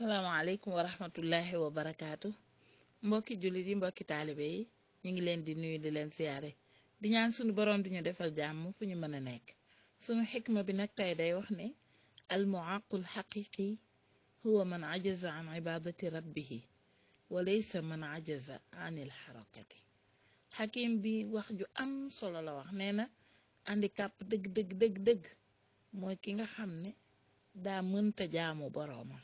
salaamaaleykum wa rahmatullahi wa barakaatu mbokki jullit yi mbokki taalibe yi ñu ngi leen di nuyu di leen siyaare di ñaan sunu borom di ñu defal jàmm fu ñu mën a nekk sunu xikma bi nag tey day wax ne al muaqul xaqiqi huwa man ajaza an ibadati rabbihi wa laysa man ajaza anil xarakati xakim bi wax ju am solo la wax nee na handicap dëgg dëgg dëgg mooy ki nga xam ni daa mënta jaamu boroomam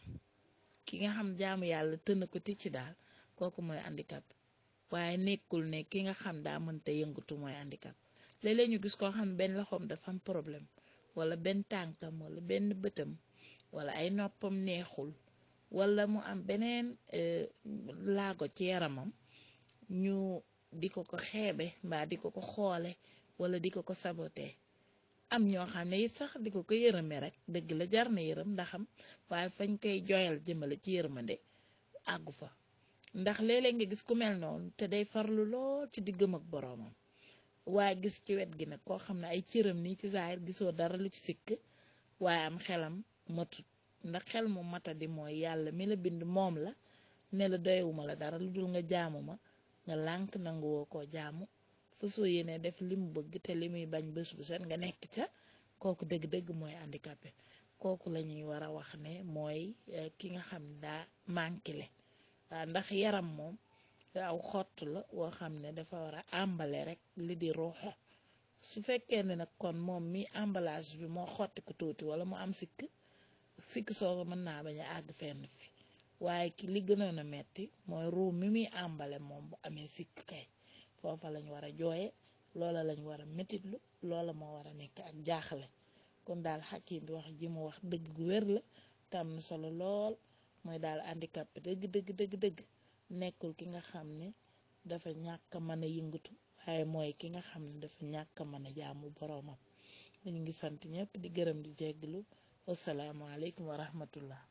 ki nga xam jaamu yàlla tën a ko ci daal kooku mooy handicap waaye nekkul ne ki nga xam daa mënta yëngatu mooy handicap léeg ñu gis koo xam ne benn loxoom dafa am problème walla benn tànkam walla benn bëtam walla ay noppam neexul walla mu am beneen eh, laago ci yaramam ñu di ko ko xeebe mbaa di ko ko xoole wala di ko ko sabote am ñoo xam ne it sax di ko ko yërëme rek dëgg la jar na yërëm ndaxam waaye fañ koy joyal jëmale ci yërmande àggu fa ndax léeg-léeg nga gis ku mel noonu te day farlu lool ci diggam ak boroomam waaye gis ci wet gi nag koo xam ne ay cëram nii ci saayir gisoo dara lu ci sikk waaye am xelam matut ndax xel mu di mooy yàlla mi la bind moom la ne la doyewuma la dara lu dul nga jaamu ma nga lànk nanguwoo koo jaamu fasu yéene def li mu bëgg te li muy bañ bés bu set nga nekk ca kooku dëgg-dëgg mooy handicapé kooku la ñuy war a wax ne mooy eh, ki nga xam daa manqué le ndax yaram moom aw xott la woo xam ne dafa war a àmbale rek li di ruuxo su fekkee ne nag kon moom mi emballage bi moo xotti ko tuuti wala mu am sikk sikk soo mën naa bañ a àgg fenn fi waaye ki li gënoon a metti mooy ruu mi muy àmbale moom bu amee sikk kay foofa lañ war a jooye loola lañ war a métitlu loola moo war a nekk ak jaaxle kon daal xakim bi wax ji mu wax dëgg gu wér la tam solo lool mooy daal handicap bi dëgg dëgg dëgg nekkul ki nga xam ne dafa ñàkk a mën a yëngatu waaye mooy ki nga xam ne dafa ñàkk a mën a jaamu boroomam ñu ngi sant ñëpp di gërëm di jégglu wasalaamaaleykum wa rahmatullah